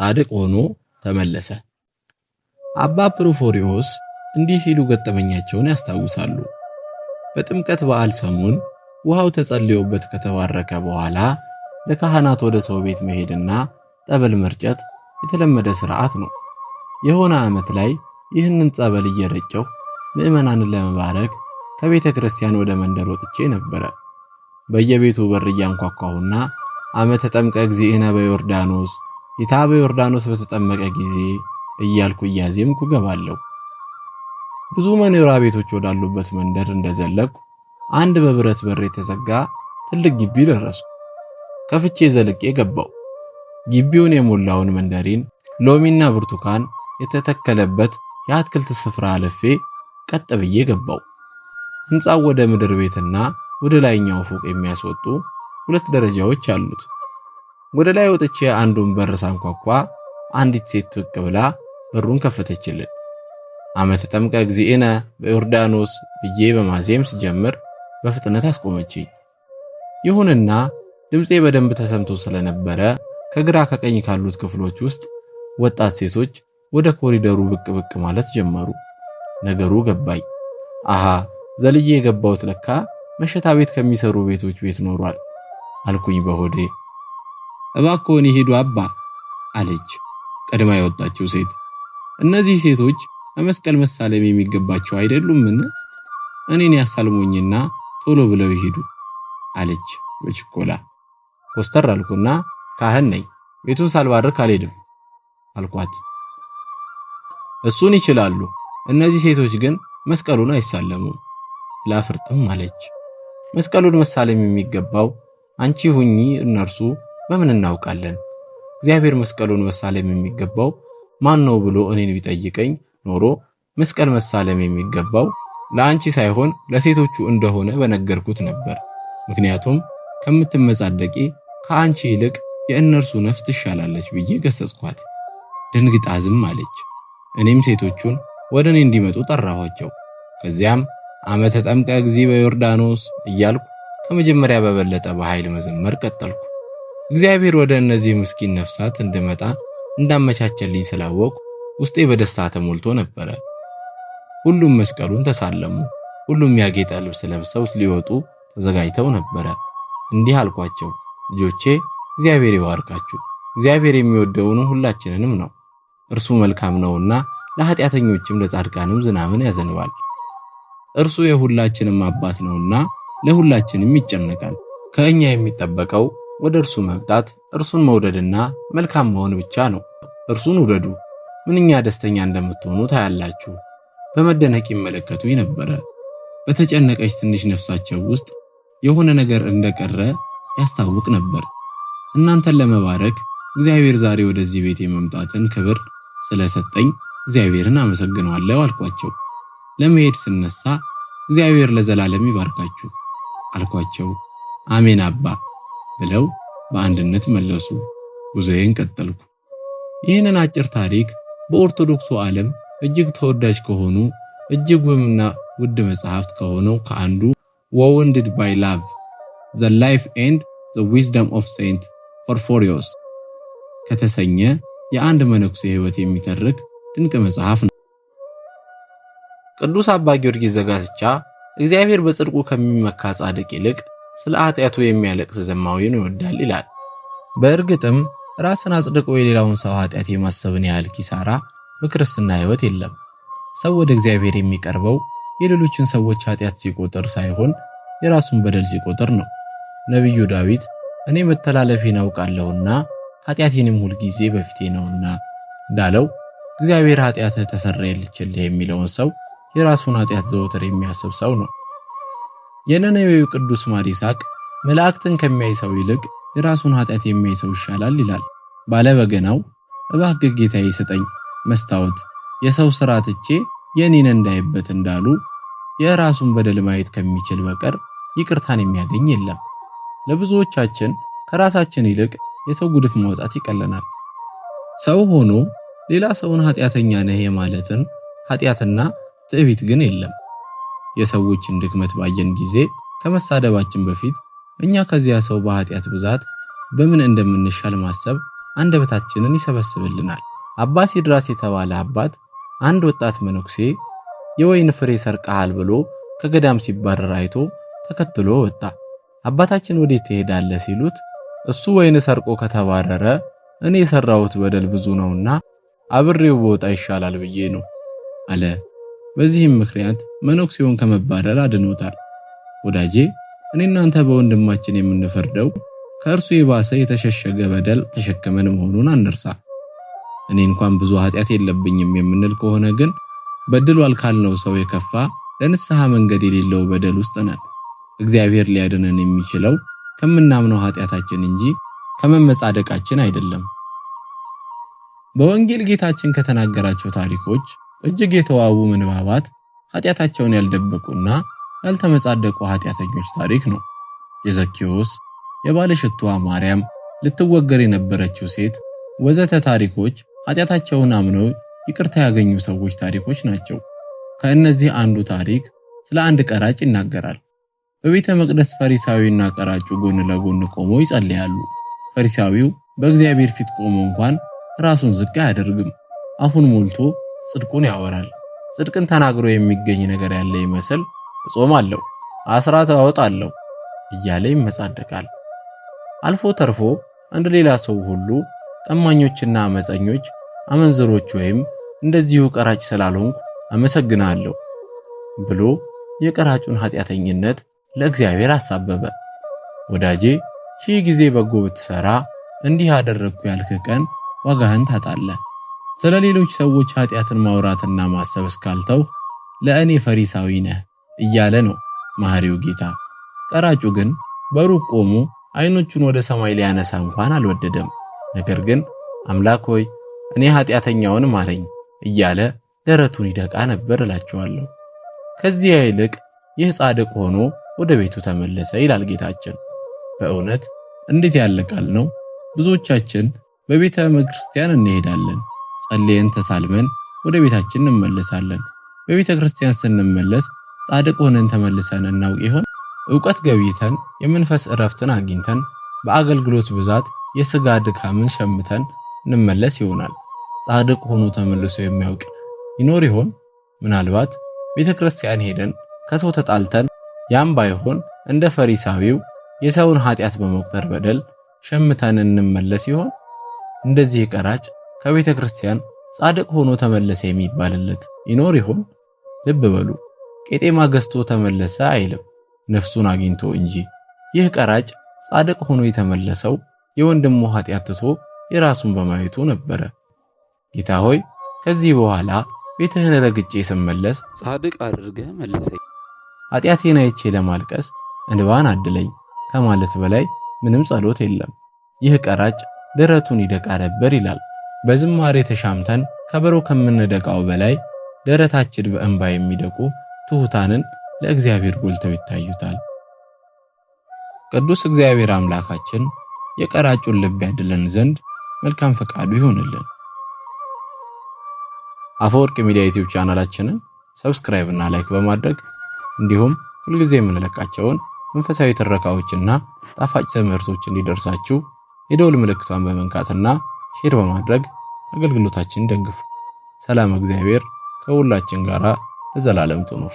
ጻድቅ ሆኖ ተመለሰ። አባ ፕሮፎሪዎስ እንዲህ ሲሉ ገጠመኛቸውን ያስታውሳሉ። በጥምቀት በዓል ሰሞን ውሃው ተጸልዮበት ከተባረከ በኋላ ለካህናት ወደ ሰው ቤት መሄድና ጠበል መርጨት የተለመደ ሥርዓት ነው። የሆነ ዓመት ላይ ይህንን ጸበል እየረጨው ምዕመናንን ለመባረክ ከቤተ ክርስቲያን ወደ መንደር ወጥቼ ነበረ። በየቤቱ በር እያንኳኳሁና ዓመተ ተጠምቀ እግዚእነ በዮርዳኖስ የታበ ዮርዳኖስ በተጠመቀ ጊዜ እያልኩ እያዜምኩ ገባለሁ። ብዙ መኖሪያ ቤቶች ወዳሉበት መንደር እንደዘለቅኩ አንድ በብረት በር የተዘጋ ትልቅ ግቢ ደረስኩ። ከፍቼ ዘልቄ ገባው። ግቢውን የሞላውን መንደሪን፣ ሎሚና ብርቱካን የተተከለበት የአትክልት ስፍራ አልፌ ቀጥ ብዬ ገባው። ሕንፃው ወደ ምድር ቤትና ወደ ላይኛው ፎቅ የሚያስወጡ ሁለት ደረጃዎች አሉት። ወደ ላይ ወጥቼ አንዱን በር ሳንኳኳ አንዲት ሴት ብቅ ብላ በሩን ከፈተችልን። አመተ ጠምቀ እግዚእነ በዮርዳኖስ ብዬ በማዜም ስጀምር በፍጥነት አስቆመችኝ። ይሁንና ድምፄ በደንብ ተሰምቶ ስለነበረ ከግራ ከቀኝ ካሉት ክፍሎች ውስጥ ወጣት ሴቶች ወደ ኮሪደሩ ብቅ ብቅ ማለት ጀመሩ። ነገሩ ገባኝ። አሃ ዘልዬ የገባሁት ለካ መሸታ ቤት ከሚሰሩ ቤቶች ቤት ኖሯል አልኩኝ በሆዴ። እባክዎን ይሄዱ አባ አለች ቀድማ የወጣችው ሴት። እነዚህ ሴቶች በመስቀል መሳለም የሚገባቸው አይደሉምን? እኔን ያሳልሙኝና ቶሎ ብለው ይሄዱ አለች በችኮላ። ኮስተር አልኩና ካህን ነኝ ቤቱን ሳልባርክ አልሄድም አልኳት። እሱን ይችላሉ፣ እነዚህ ሴቶች ግን መስቀሉን አይሳለሙም ላፍርጥም አለች። መስቀሉን መሳለም የሚገባው አንቺ ሁኚ እነርሱ በምን እናውቃለን? እግዚአብሔር መስቀሉን መሳለም የሚገባው ማን ነው ብሎ እኔን ቢጠይቀኝ ኖሮ መስቀል መሳለም የሚገባው ለአንቺ ሳይሆን ለሴቶቹ እንደሆነ በነገርኩት ነበር። ምክንያቱም ከምትመጻደቂ ከአንቺ ይልቅ የእነርሱ ነፍስ ትሻላለች ብዬ ገሰጽኳት። ደንግጣ ዝም አለች። እኔም ሴቶቹን ወደ እኔ እንዲመጡ ጠራኋቸው። ከዚያም ዓመተ ጠምቀ እግዚእ በዮርዳኖስ እያልኩ ከመጀመሪያ በበለጠ በኃይል መዘመር ቀጠልኩ። እግዚአብሔር ወደ እነዚህ ምስኪን ነፍሳት እንድመጣ እንዳመቻቸልኝ ስላወቅኩ ውስጤ በደስታ ተሞልቶ ነበረ። ሁሉም መስቀሉን ተሳለሙ። ሁሉም ያጌጠ ልብስ ለብሰው ሊወጡ ተዘጋጅተው ነበረ። እንዲህ አልኳቸው፣ ልጆቼ እግዚአብሔር ይባርካችሁ። እግዚአብሔር የሚወደውን ሁላችንንም ነው። እርሱ መልካም ነውና ለኃጢአተኞችም ለጻድቃንም ዝናብን ያዘንባል። እርሱ የሁላችንም አባት ነውና ለሁላችንም ይጨነቃል። ከእኛ የሚጠበቀው ወደ እርሱ መምጣት እርሱን መውደድና መልካም መሆን ብቻ ነው። እርሱን ውደዱ፣ ምንኛ ደስተኛ እንደምትሆኑ ታያላችሁ። በመደነቅ ይመለከቱ ነበረ። በተጨነቀች ትንሽ ነፍሳቸው ውስጥ የሆነ ነገር እንደቀረ ያስታውቅ ነበር። እናንተን ለመባረክ እግዚአብሔር ዛሬ ወደዚህ ቤት የመምጣትን ክብር ስለሰጠኝ እግዚአብሔርን አመሰግነዋለሁ አልኳቸው። ለመሄድ ስነሳ እግዚአብሔር ለዘላለም ይባርካችሁ አልኳቸው። አሜን አባ ብለው በአንድነት መለሱ። ጉዞዬን ቀጠልኩ። ይህንን አጭር ታሪክ በኦርቶዶክሱ ዓለም እጅግ ተወዳጅ ከሆኑ እጅግ ውምና ውድ መጽሐፍት ከሆነው ከአንዱ ወወንድድ ባይ ላቭ ዘ ላይፍ ኤንድ ዘ ዊዝደም ኦፍ ሴንት ፎርፎሪዮስ ከተሰኘ የአንድ መነኩሴ ሕይወት የሚተርክ ድንቅ መጽሐፍ ነው። ቅዱስ አባ ጊዮርጊስ ዘጋስጫ እግዚአብሔር በጽድቁ ከሚመካ ጻድቅ ይልቅ ስለ ኃጢአቱ የሚያለቅስ ዘማዊን ይወዳል ይላል። በእርግጥም ራስን አጽድቆ የሌላውን ሰው ኃጢአት የማሰብን ያህል ኪሳራ በክርስትና ሕይወት የለም። ሰው ወደ እግዚአብሔር የሚቀርበው የሌሎችን ሰዎች ኃጢአት ሲቆጥር ሳይሆን የራሱን በደል ሲቆጥር ነው። ነቢዩ ዳዊት እኔ መተላለፌን አውቃለሁና ኃጢአቴንም ሁልጊዜ ጊዜ በፊቴ ነውና እንዳለው እግዚአብሔር ኃጢአትህ ተሰረየልችልህ የሚለውን ሰው የራሱን ኃጢአት ዘወትር የሚያስብ ሰው ነው። የነነዌው ቅዱስ ማር ይስሐቅ መላእክትን ከሚያይ ሰው ይልቅ የራሱን ኃጢአት የሚያይ ሰው ይሻላል ይላል። ባለ በገናው እባክህ ጌታዬ መስታወት የሰው ሥራ ትቼ የኔን እንዳይበት እንዳሉ የራሱን በደል ማየት ከሚችል በቀር ይቅርታን የሚያገኝ የለም። ለብዙዎቻችን ከራሳችን ይልቅ የሰው ጉድፍ መውጣት ይቀለናል። ሰው ሆኖ ሌላ ሰውን ኃጢአተኛ ነህ ማለትን ኃጢአትና ትዕቢት ግን የለም። የሰዎችን ድክመት ባየን ጊዜ ከመሳደባችን በፊት እኛ ከዚያ ሰው በኃጢአት ብዛት በምን እንደምንሻል ማሰብ አንደበታችንን ይሰበስብልናል። አባ ሲድራስ የተባለ አባት አንድ ወጣት መነኩሴ የወይን ፍሬ ሰርቀሃል ብሎ ከገዳም ሲባረር አይቶ ተከትሎ ወጣ። አባታችን ወዴት ትሄዳለህ ሲሉት እሱ ወይን ሰርቆ ከተባረረ እኔ የሰራሁት በደል ብዙ ነውና አብሬው በወጣ ይሻላል ብዬ ነው አለ። በዚህም ምክንያት መነኩሴውን ከመባረር አድኖታል። ወዳጄ እኔ እናንተ በወንድማችን የምንፈርደው ከእርሱ የባሰ የተሸሸገ በደል ተሸከመን መሆኑን አንርሳ። እኔ እንኳን ብዙ ኃጢአት የለብኝም የምንል ከሆነ ግን በድሏል ካልነው ሰው የከፋ ለንስሐ መንገድ የሌለው በደል ውስጥ ነን። እግዚአብሔር ሊያድነን የሚችለው ከምናምነው ኃጢአታችን እንጂ ከመመጻደቃችን አይደለም። በወንጌል ጌታችን ከተናገራቸው ታሪኮች እጅግ የተዋቡ ምንባባት ኃጢአታቸውን ያልደበቁና ያልተመጻደቁ ኃጢአተኞች ታሪክ ነው። የዘኪዎስ፣ የባለሽቱዋ ማርያም፣ ልትወገር የነበረችው ሴት ወዘተ ታሪኮች ኃጢአታቸውን አምነው ይቅርታ ያገኙ ሰዎች ታሪኮች ናቸው። ከእነዚህ አንዱ ታሪክ ስለ አንድ ቀራጭ ይናገራል። በቤተ መቅደስ ፈሪሳዊና ቀራጩ ጎን ለጎን ቆመው ይጸልያሉ። ፈሪሳዊው በእግዚአብሔር ፊት ቆሞ እንኳን ራሱን ዝቅ አያደርግም። አፉን ሞልቶ ጽድቁን ያወራል። ጽድቅን ተናግሮ የሚገኝ ነገር ያለ ይመስል እጾም አለው አስራት አወጣለሁ እያለ ይመጻደቃል። አልፎ ተርፎ እንደ ሌላ ሰው ሁሉ ቀማኞችና አመፀኞች፣ አመንዝሮች ወይም እንደዚሁ ቀራጭ ስላልሆንኩ አመሰግናለሁ ብሎ የቀራጩን ኃጢአተኝነት ለእግዚአብሔር አሳበበ። ወዳጄ ሺህ ጊዜ በጎ ብትሰራ እንዲህ አደረግኩ ያልክ ቀን ዋጋህን ታጣለህ። ስለ ሌሎች ሰዎች ኃጢአትን ማውራትና ማሰብ እስካልተው ለእኔ ፈሪሳዊ ነህ እያለ ነው ማህሪው ጌታ። ቀራጩ ግን በሩቅ ቆሞ አይኖቹን ወደ ሰማይ ሊያነሳ እንኳን አልወደደም። ነገር ግን አምላክ ሆይ እኔ ኃጢአተኛውን ማረኝ እያለ ደረቱን ይደቃ ነበር እላቸዋለሁ። ከዚያ ይልቅ ይህ ጻድቅ ሆኖ ወደ ቤቱ ተመለሰ ይላል ጌታችን። በእውነት እንዴት ያለ ቃል ነው! ብዙዎቻችን በቤተ ክርስቲያን እንሄዳለን ጸልየን ተሳልመን ወደ ቤታችን እንመለሳለን። በቤተ ክርስቲያን ስንመለስ ጻድቅ ሆነን ተመልሰን እናውቅ ይሆን? እውቀት ገብይተን የመንፈስ እረፍትን አግኝተን በአገልግሎት ብዛት የስጋ ድካምን ሸምተን እንመለስ ይሆናል። ጻድቅ ሆኖ ተመልሶ የሚያውቅ ይኖር ይሆን? ምናልባት ቤተ ክርስቲያን ሄደን ከሰው ተጣልተን ያም ባይሆን እንደ ፈሪሳዊው የሰውን ኃጢአት በመቁጠር በደል ሸምተን እንመለስ ይሆን? እንደዚህ ቀራጭ ከቤተ ክርስቲያን ጻድቅ ሆኖ ተመለሰ የሚባልለት ይኖር ይሆን? ልብ በሉ፣ ቄጤማ ገዝቶ ተመለሰ አይልም፣ ነፍሱን አግኝቶ እንጂ። ይህ ቀራጭ ጻድቅ ሆኖ የተመለሰው የወንድሙ ኃጢአት ትቶ የራሱን በማየቱ ነበረ። ጌታ ሆይ ከዚህ በኋላ ቤትህን ረግጬ ስመለስ ጻድቅ አድርገህ መልሰኝ፣ ኃጢአቴን አይቼ ለማልቀስ እንባን አድለኝ ከማለት በላይ ምንም ጸሎት የለም። ይህ ቀራጭ ደረቱን ይደቃ ነበር ይላል። በዝማሬ ተሻምተን ከበሮ ከምንደቃው በላይ ደረታችን በእንባ የሚደቁ ትሑታንን ለእግዚአብሔር ጎልተው ይታዩታል። ቅዱስ እግዚአብሔር አምላካችን የቀራጩን ልብ ያድለን ዘንድ መልካም ፈቃዱ ይሆንልን። አፈወርቅ ሚዲያ ዩቲዩብ ቻናላችንን ሰብስክራይብ እና ላይክ በማድረግ እንዲሁም ሁልጊዜ የምንለቃቸውን መንፈሳዊ ትረካዎችና ጣፋጭ ትምህርቶች እንዲደርሳችሁ የደውል ምልክቷን በመንካትና ሼር በማድረግ አገልግሎታችንን ደግፉ። ሰላም እግዚአብሔር ከሁላችን ጋር ለዘላለም ትኑር።